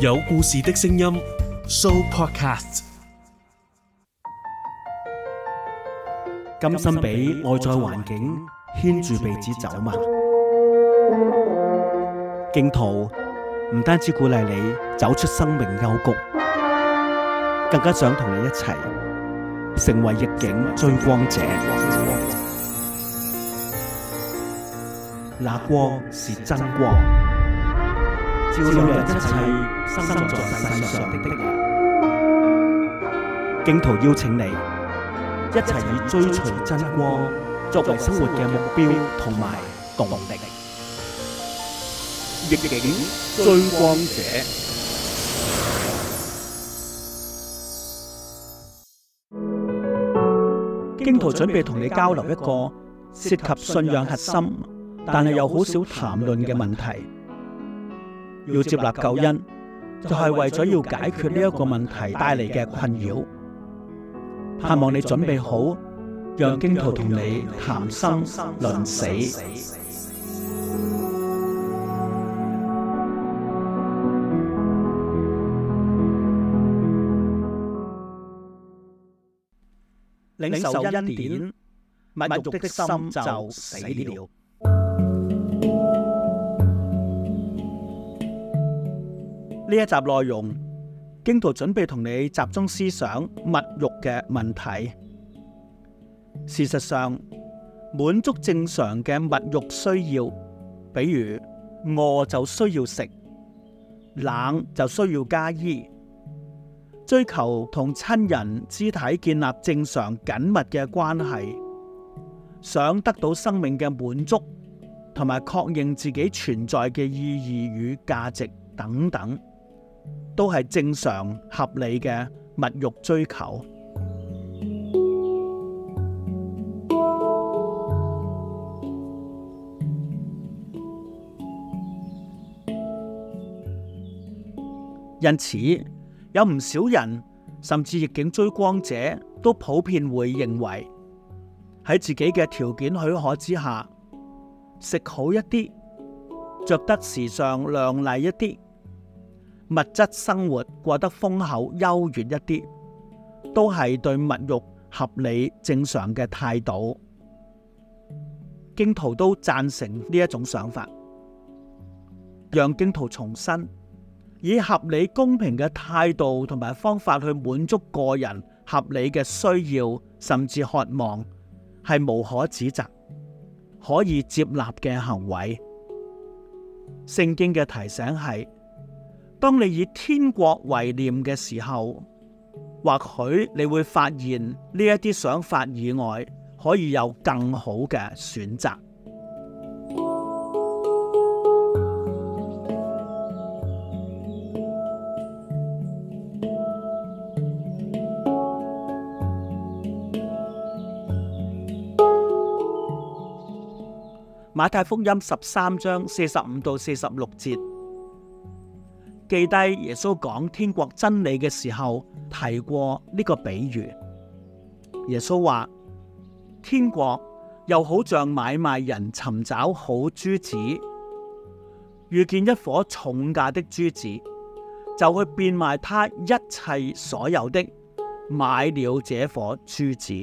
有故事的聲音，Sooopodcast。甘心俾外在環境牽住鼻子走嘛？荊徒唔單止鼓勵你走出生命幽谷，更加想同你一齊成為逆境追光者。那光是真光。照亮一切生在世上的人，荊徒邀請你一齊以追隨真光作為生活嘅目標同埋動力，逆境追光者。荊徒準備同你交流一個涉及信仰核心，但係又好少談論嘅問題。要接納救恩，就係為咗要解決呢一個問題帶嚟嘅困擾，盼望你準備好，讓荊徒同你談生論死，領受恩典，物欲的心就死了。呢一集內容，荊徒準備同你集中思想物欲嘅問題。事實上，滿足正常嘅物欲需要，比如餓就需要食，冷就需要加衣，追求同親人肢體建立正常緊密嘅關係，想得到生命嘅滿足，同埋確認自己存在嘅意義與價值等等。都係正常合理嘅物慾追求，因此有唔少人甚至逆境追光者，都普遍會認為喺自己嘅條件許可之下，食好一啲，着得時尚亮麗一啲。物質生活過得豐厚優越一啲，都係對物欲合理正常嘅態度。荊徒都贊成呢一種想法，讓荊徒重申，以合理公平嘅態度同埋方法去滿足個人合理嘅需要，甚至渴望，係無可指責，可以接納嘅行為。聖經嘅提醒係。當你以天國為念嘅時候，或許你會發現呢一啲想法以外，可以有更好嘅選擇。馬太福音十三章四十五到四十六節。記得耶穌講天國真理嘅時候提過呢個比喻。耶穌話：天國又好像買賣人尋找好珠子，遇見一顆重價的珠子，就會變賣他一切所有的，買了這顆珠子。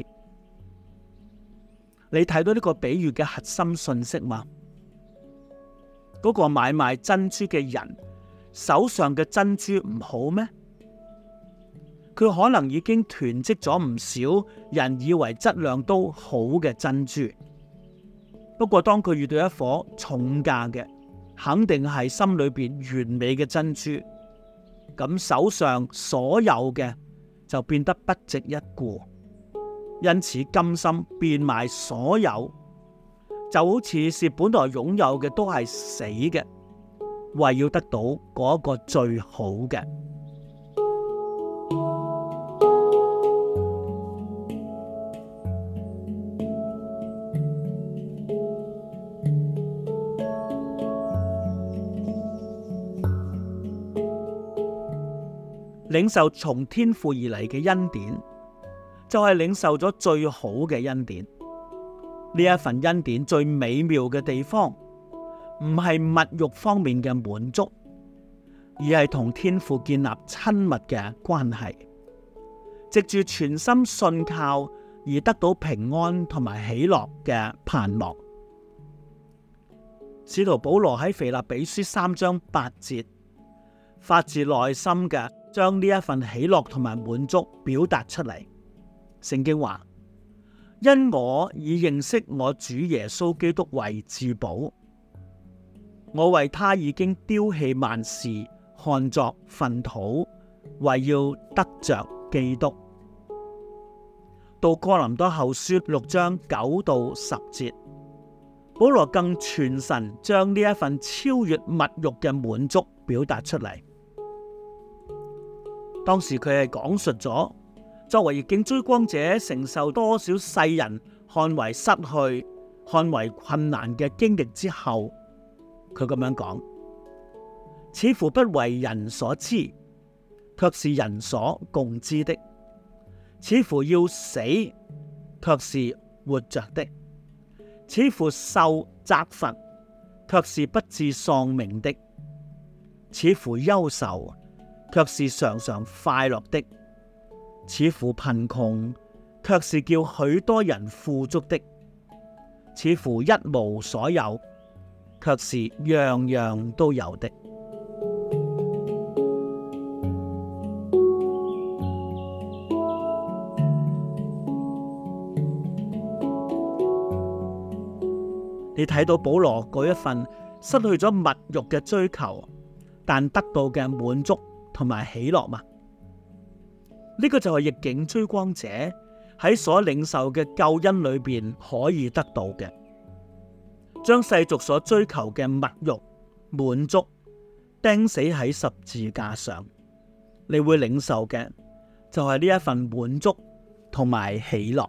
你睇到呢個比喻嘅核心信息嗎？嗰、那個買賣珍珠嘅人。手上嘅珍珠唔好咩？佢可能已經囤積咗唔少人以為質量都好嘅珍珠，不過當佢遇到一顆重價嘅，肯定係心裏邊完美嘅珍珠。咁手上所有嘅就變得不值一顧，因此甘心變賣所有，就好似是本來擁有嘅都係死嘅。為要得到嗰一個最好嘅，領受從天父而嚟嘅恩典，就係領受咗最好嘅恩典。呢一份恩典最美妙嘅地方，唔係物慾方面嘅滿足，而係同天父建立親密嘅關係，藉住全心信靠而得到平安同埋喜樂嘅盼望。使徒保羅喺腓立比書三章八節發自內心嘅將呢一份喜樂同埋滿足表達出嚟。聖經話：因我以認識我主耶穌基督為至寶。我為他已經丟棄萬事，看作糞土，為要得着基督。到哥林多後書六章九到十節，保羅更全神將呢一份超越物欲嘅滿足表達出嚟。當時佢係講述咗，作為逆境追光者，承受多少世人看為失去、看為困難嘅經歷之後。佢咁樣講，似乎不為人所知，卻是人所共知的；似乎要死，卻是活着的；似乎受責罰，卻是不致喪命的；似乎憂愁，卻是常常快樂的；似乎貧窮，卻是叫許多人富足的；似乎一無所有。卻是樣樣都有的。你睇到保羅嗰一份失去咗物欲嘅追求，但得到嘅滿足同埋喜樂嘛？呢個就係逆境追光者喺所領受嘅救恩裏邊可以得到嘅。將世俗所追求嘅物欲滿足釘死在十字架上，你會領受嘅就係、是、呢一份滿足同埋喜樂。